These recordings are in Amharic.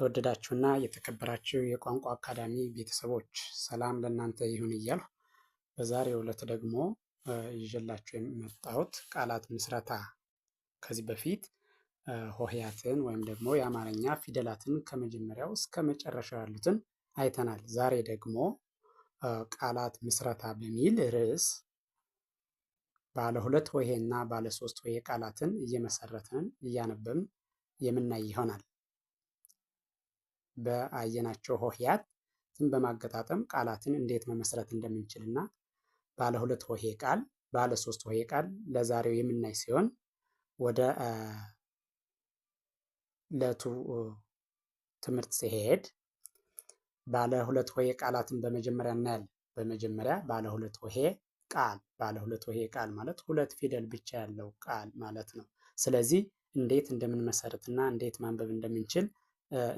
የተወደዳችሁና የተከበራችሁ የቋንቋ አካዳሚ ቤተሰቦች ሰላም ለእናንተ ይሁን እያልሁ በዛሬው ዕለት ደግሞ ይዤላችሁ የመጣሁት ቃላት ምስረታ ከዚህ በፊት ሆሄያትን ወይም ደግሞ የአማርኛ ፊደላትን ከመጀመሪያው እስከ መጨረሻው ያሉትን አይተናል። ዛሬ ደግሞ ቃላት ምስረታ በሚል ርዕስ ባለ ሁለት ሆሄ እና ባለ ሶስት ሆሄ ቃላትን እየመሰረትን እያነበብን የምናይ ይሆናል። በአየናቸው ሆሄያት በማገጣጠም ቃላትን እንዴት መመስረት እንደምንችልና እና ባለ ሁለት ሆሄ ቃል፣ ባለ ሶስት ሆሄ ቃል ለዛሬው የምናይ ሲሆን ወደ ለቱ ትምህርት ሲሄድ ባለ ሁለት ሆሄ ቃላትን በመጀመሪያ እናያለን። በመጀመሪያ ባለ ሁለት ሆሄ ቃል ባለ ሁለት ሆሄ ቃል ማለት ሁለት ፊደል ብቻ ያለው ቃል ማለት ነው። ስለዚህ እንዴት እንደምንመሰርትና እንዴት ማንበብ እንደምንችል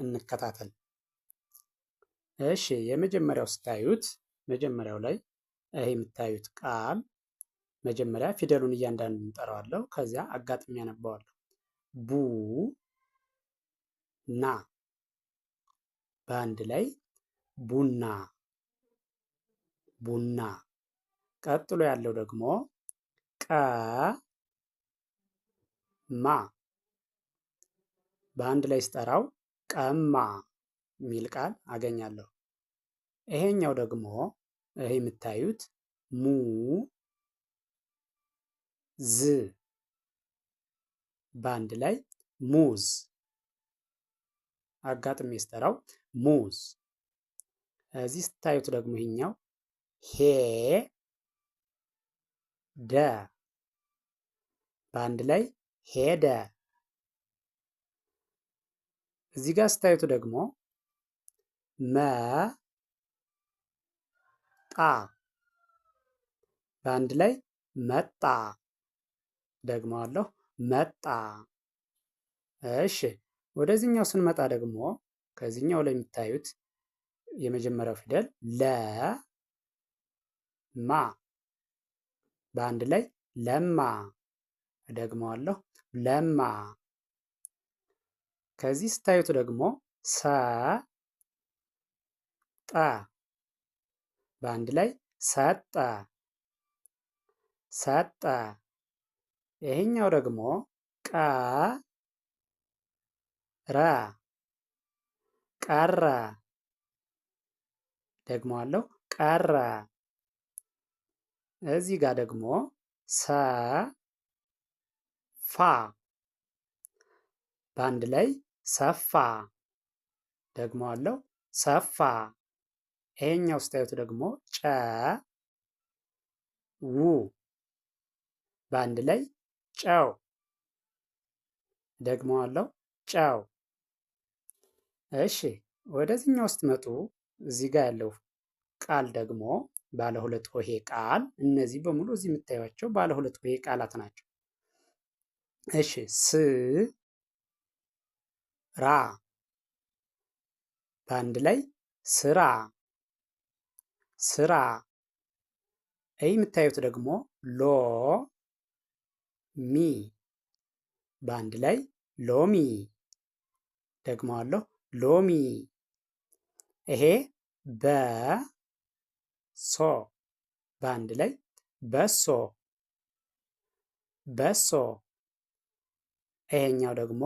እንከታተል። እሺ የመጀመሪያው ስታዩት መጀመሪያው ላይ ይሄ የምታዩት ቃል መጀመሪያ ፊደሉን እያንዳንዱ እንጠራዋለሁ። ከዚያ አጋጥሚ ያነባዋለሁ። ቡ ና በአንድ ላይ ቡና ቡና። ቀጥሎ ያለው ደግሞ ቀ ማ በአንድ ላይ ስጠራው ቀማ የሚል ቃል አገኛለሁ። ይሄኛው ደግሞ ይሄ የምታዩት ሙ ዝ በአንድ ላይ ሙዝ አጋጥሜ ስጠራው ሙዝ። እዚህ ስታዩት ደግሞ ይሄኛው ሄ ደ በአንድ ላይ ሄደ እዚህ ጋር ስታዩት ደግሞ መጣ በአንድ ላይ መጣ። ደግመዋለሁ መጣ። እሺ ወደዚህኛው ስንመጣ ደግሞ ከዚህኛው ላይ የሚታዩት የመጀመሪያው ፊደል ለማ በአንድ ላይ ለማ። ደግመዋለሁ ለማ ከዚህ ስታዩት ደግሞ ሰ ጣ በአንድ ላይ ሰጣ ሰጣ። ይሄኛው ደግሞ ቃ ራ ቀራ። ደግሞ አለው ቀራ። እዚህ ጋር ደግሞ ሰ ፋ በአንድ ላይ ሰፋ ደግሞ አለው ሰፋ። ይሄኛው ስታዩት ደግሞ ጨ ው በአንድ ላይ ጨው ደግሞ አለው ጨው። እሺ ወደዚህኛው ስትመጡ እዚህ ጋር ያለው ቃል ደግሞ ባለ ሁለት ሆሄ ቃል እነዚህ በሙሉ እዚህ የምታዩቸው ባለ ሁለት ሆሄ ቃላት ናቸው። እሺ ስ ራ በአንድ ላይ ስራ ስራ። ይህ የምታዩት ደግሞ ሎ ሚ በአንድ ላይ ሎሚ። ደግመዋለሁ ሎሚ። ይሄ በ ሶ በአንድ ላይ በሶ በሶ። ይሄኛው ደግሞ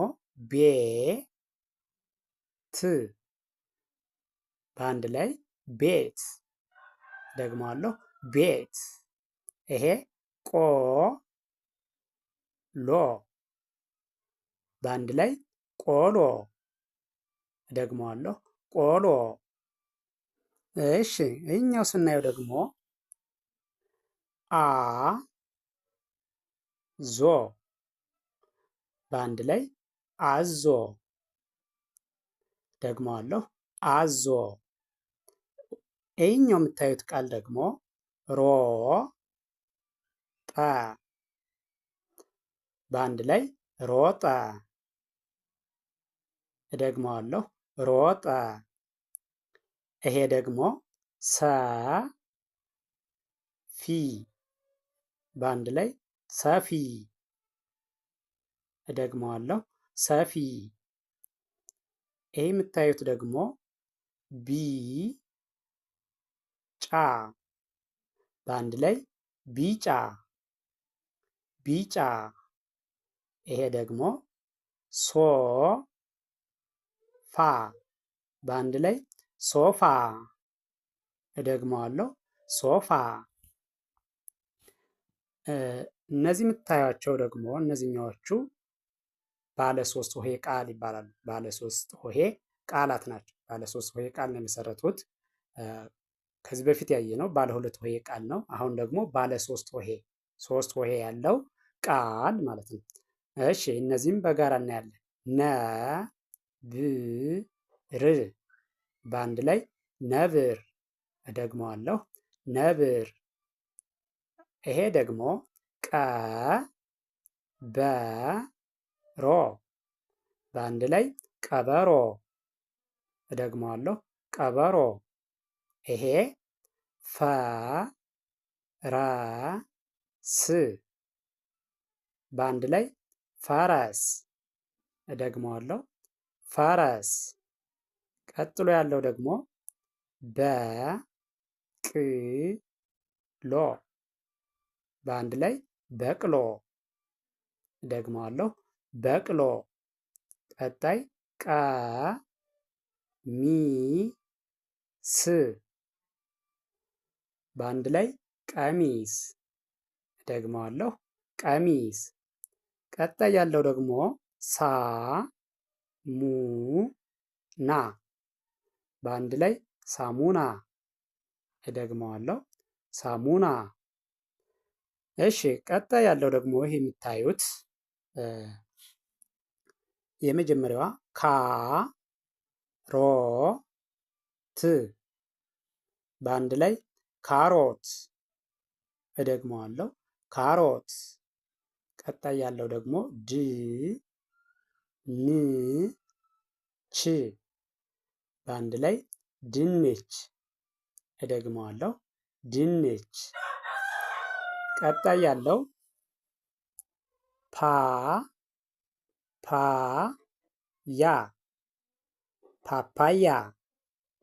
ቤ ት በአንድ ላይ ቤት ደግሞ አለው ቤት። ይሄ ቆ ሎ በአንድ ላይ ቆሎ ደግሞ አለው ቆሎ። እሺ ይህኛው ስናየው ደግሞ አ ዞ በአንድ ላይ አዞ ደግመዋለሁ፣ አዞ። ይህኛው የምታዩት ቃል ደግሞ ሮ ጠ በአንድ ላይ ሮጠ። እደግመዋለሁ፣ ሮጠ። ይሄ ደግሞ ሰፊ በአንድ ላይ ሰፊ። እደግመዋለሁ፣ ሰፊ ይህ የምታዩት ደግሞ ቢ ጫ በአንድ ላይ ቢጫ ቢጫ። ይሄ ደግሞ ሶ ፋ በአንድ ላይ ሶፋ። እደግመዋለሁ ሶፋ። እነዚህ የምታዩቸው ደግሞ እነዚህኛዎቹ ባለ ሶስት ሆሄ ቃል ይባላሉ። ባለ ሶስት ሆሄ ቃላት ናቸው። ባለ ሶስት ሆሄ ቃል ነው የመሰረቱት። ከዚህ በፊት ያየ ነው ባለ ሁለት ሆሄ ቃል ነው። አሁን ደግሞ ባለ ሶስት ሆሄ ሶስት ሆሄ ያለው ቃል ማለት ነው። እሺ እነዚህም በጋራ እናያለን። ነ ር በአንድ ላይ ነብር። እደግመዋለሁ ነብር። ይሄ ደግሞ ቀ በ ሮ በአንድ ላይ ቀበሮ። እደግመዋለሁ ቀበሮ። ይሄ ፈ ረ ስ በአንድ ላይ ፈረስ። እደግመዋለሁ ፈረስ። ቀጥሎ ያለው ደግሞ በቅሎ በአንድ ላይ በቅሎ። እደግመዋለሁ በቅሎ ቀጣይ ቀ ሚ ስ በአንድ ላይ ቀሚስ። ደግመዋለሁ ቀሚስ። ቀጣይ ያለው ደግሞ ሳ ሙ ና በአንድ ላይ ሳሙና። ደግመዋለሁ ሳሙና። እሺ ቀጣይ ያለው ደግሞ ይሄ የምታዩት የመጀመሪያዋ ካ ሮ ት በአንድ ላይ ካሮት። እደግመዋለሁ ካሮት። ቀጣይ ያለው ደግሞ ድ ን ች በአንድ ላይ ድንች። እደግመዋለሁ ድንች። ቀጣይ ያለው ፓ ፓያ ፓፓያ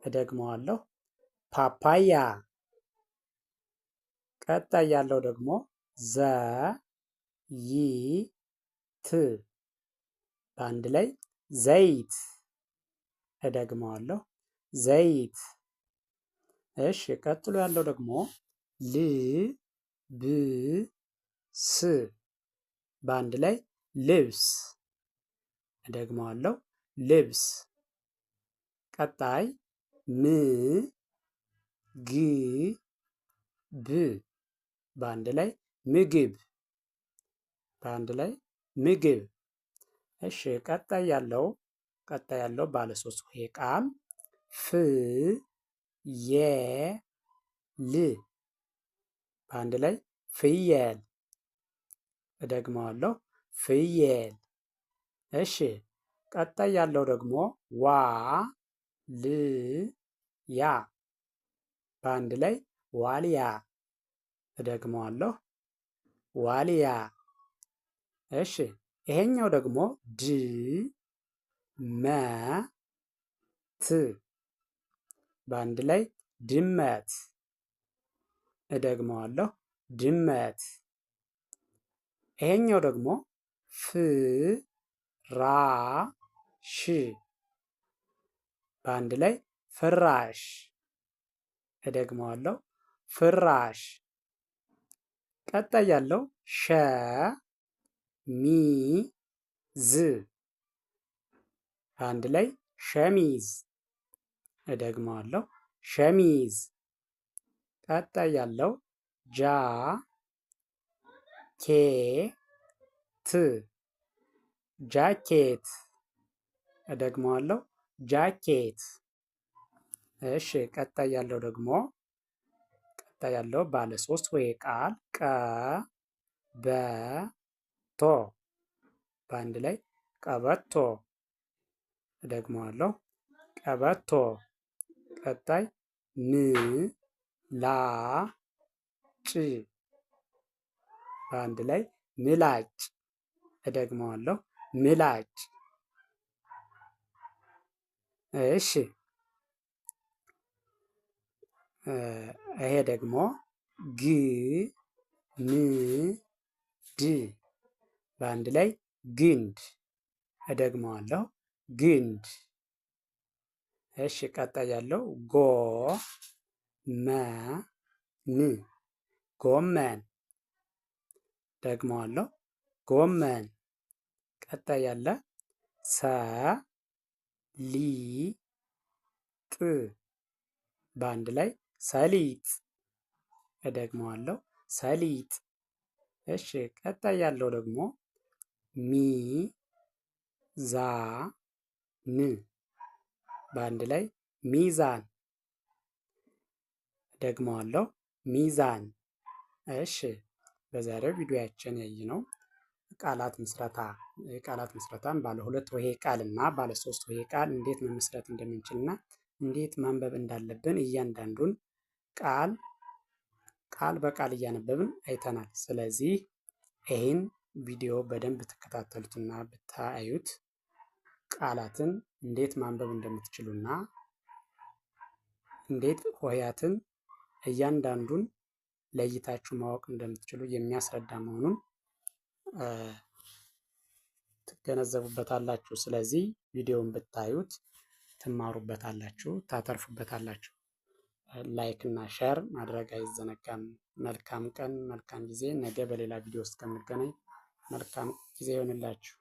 እደግመዋለሁ ፓፓያ። ቀጣይ ያለው ደግሞ ዘ ይ ት በአንድ ላይ ዘይት እደግመዋለሁ ዘይት። እሺ ቀጥሎ ያለው ደግሞ ል ብ ስ በአንድ ላይ ልብስ እደግመዋለሁ ልብስ። ቀጣይ ም ግ ብ በአንድ ላይ ምግብ፣ በአንድ ላይ ምግብ። እሺ ቀጣይ ያለው ቀጣይ ያለው ባለ ሶስት ሆሄ ቃል ፍ የ ል በአንድ ላይ ፍየል። እደግመዋለሁ ፍየል። እሺ ቀጣይ ያለው ደግሞ ዋ ል ያ በአንድ ላይ ዋልያ። እደግመዋለሁ ዋልያ። እሺ ይሄኛው ደግሞ ድ መ ት በአንድ ላይ ድመት። እደግመዋለሁ ድመት። ይሄኛው ደግሞ ፍ ራ ሽ በአንድ ላይ ፍራሽ። እደግመዋለሁ ፍራሽ። ቀጣይ ያለው ሸ ሚ ዝ በአንድ ላይ ሸሚዝ። እደግመዋለሁ ሸሚዝ። ቀጣይ ያለው ጃ ኬ ት ጃኬት እደግመዋለሁ፣ ጃኬት። እሺ፣ ቀጣይ ያለው ደግሞ ቀጣይ ያለው ባለ ሶስት ወይ ቃል ቀ በ ቶ በአንድ ላይ ቀበቶ። እደግመዋለሁ፣ ቀበቶ። ቀጣይ ም ላ ጭ በአንድ ላይ ምላጭ። እደግመዋለሁ ምላጭ እሺ ይሄ ደግሞ ግ ም ድ በአንድ ላይ ግንድ። እደግመዋለሁ ግንድ። እሺ ቀጣይ ያለው ጎ መ ን ጎመን። ደግመዋለሁ ጎመን። ቀጣይ ያለ ሰ ሊ ጥ በአንድ ላይ ሰሊጥ። እደግመዋለሁ ሰሊጥ። እሺ ቀጣይ ያለው ደግሞ ሚ ዛ ን በአንድ ላይ ሚዛን። እደግመዋለሁ ሚዛን። እሺ በዛሬው ቪዲዮያችን ያየነው ቃላት ምስረታ ቃላት ምስረታን ባለ ሁለት ሆሄ ቃል እና ባለ ሶስት ሆሄ ቃል እንዴት መመስረት እንደምንችል እና እንዴት ማንበብ እንዳለብን እያንዳንዱን ቃል ቃል በቃል እያነበብን አይተናል። ስለዚህ ይህን ቪዲዮ በደንብ ብትከታተሉትና ብታዩት ቃላትን እንዴት ማንበብ እንደምትችሉና እንዴት ሆሄያትን እያንዳንዱን ለይታችሁ ማወቅ እንደምትችሉ የሚያስረዳ መሆኑን ትገነዘቡበታላችሁ። ስለዚህ ቪዲዮውን ብታዩት ትማሩበታላችሁ፣ ታተርፉበታላችሁ። ላይክ እና ሸር ማድረግ አይዘነጋም። መልካም ቀን፣ መልካም ጊዜ። ነገ በሌላ ቪዲዮ እስከምንገናኝ መልካም ጊዜ ይሆንላችሁ።